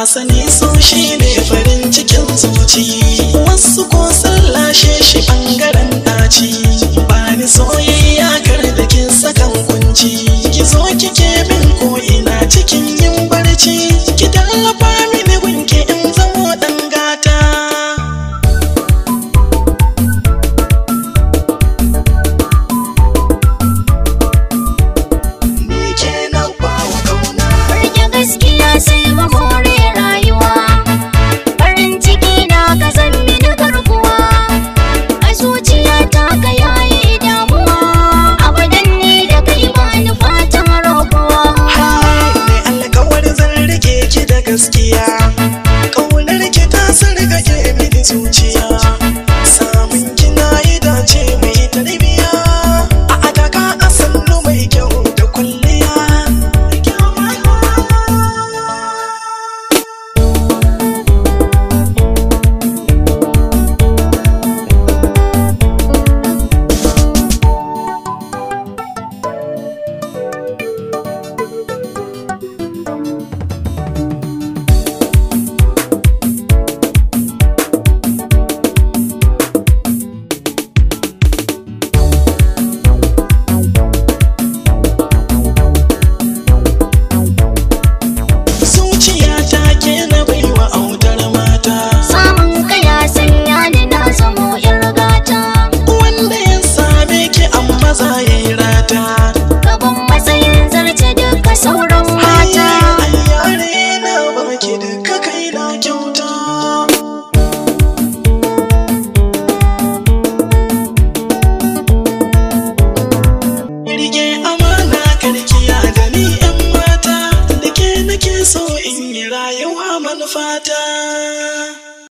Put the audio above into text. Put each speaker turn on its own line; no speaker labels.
Wasani sani so shi ne farin cikin zuci wasu ko sallashe shi ɓangaren daci ba ni soyayya kar da kin sakan kunci ki zo kike bin koyi gaskiya Kaunar ki ta sarga ke mini zuciya